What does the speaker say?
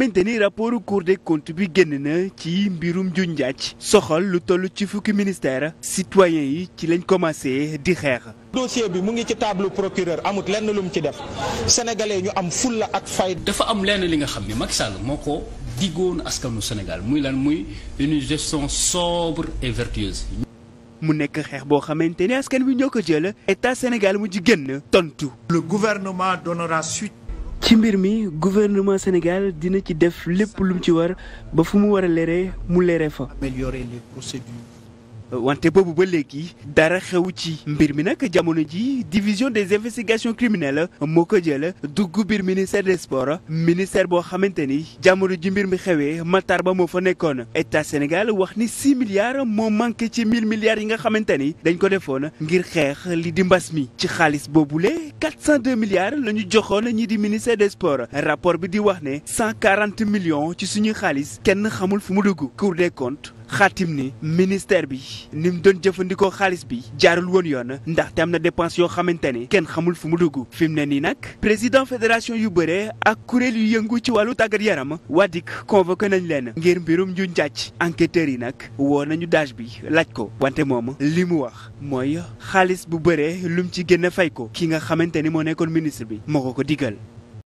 maintenir rapport Cour des comptes bi génn na ci mbirum junjaac soxal lu toll ci fukki ministère citoyen yi ci lañ commencé di xeex dossier bi mu ngi ci table procureur amut lenn lu mu ci def sénégalais ñu am fulla ak fay dafa am lenn li nga xam ne Macky Sall moo ko diggoon askanu Sénégal muy lan muy une gestion sobre mu nekk xeex boo xamante ni askan wi ñoo ko jël état Sénégal mu ci génn tontu. le gouvernement donnera suite ci mbir mi gouvernement Sénégal dina ci def lépp lu mu ci war ba fu mu war a leeree mu leeree fa. améliorer les procédures. wante boobu ba léegi dara xew ci mbir mi nag jamono ji division des investigations criminelles moo ko jël dugg biir ministère des sports ministère boo xamante ni jamono ji mbir mi xewee Matar Ba moo fa nekkoon état Sénégal wax ni six milliards moo manqué ci mille milliards yi nga xamante ni dañ ko defoon ngir xeex li di mbas mi ci xaalis boobule 402 milliards la ñu joxoon ñi di ministère des sports rapport bi di wax ne 140 millions ci suñuy xaalis kenn xamul fu mu dugg Cour des comptes xaatim ni ministère bi ni mu doon jëfandikoo xaalis bi jaarul woon yoon ndax am na dépense yoo xamante ni kenn xamul fu mu dugg fi mu ne nii nag président fédération yu bëre ak kuréel yu yëngu ci wàllu tàggat yaram waa DIC convoqué nañ leen ngir mbirum nju njàcc enquêteurs yi nag woo nañu daaj bi laaj ko wante moom li mu wax mooy xaalis bu bëree lum ci génn fay ko ki nga xamante ni moo nekkoon ministre bi moo ko ko digal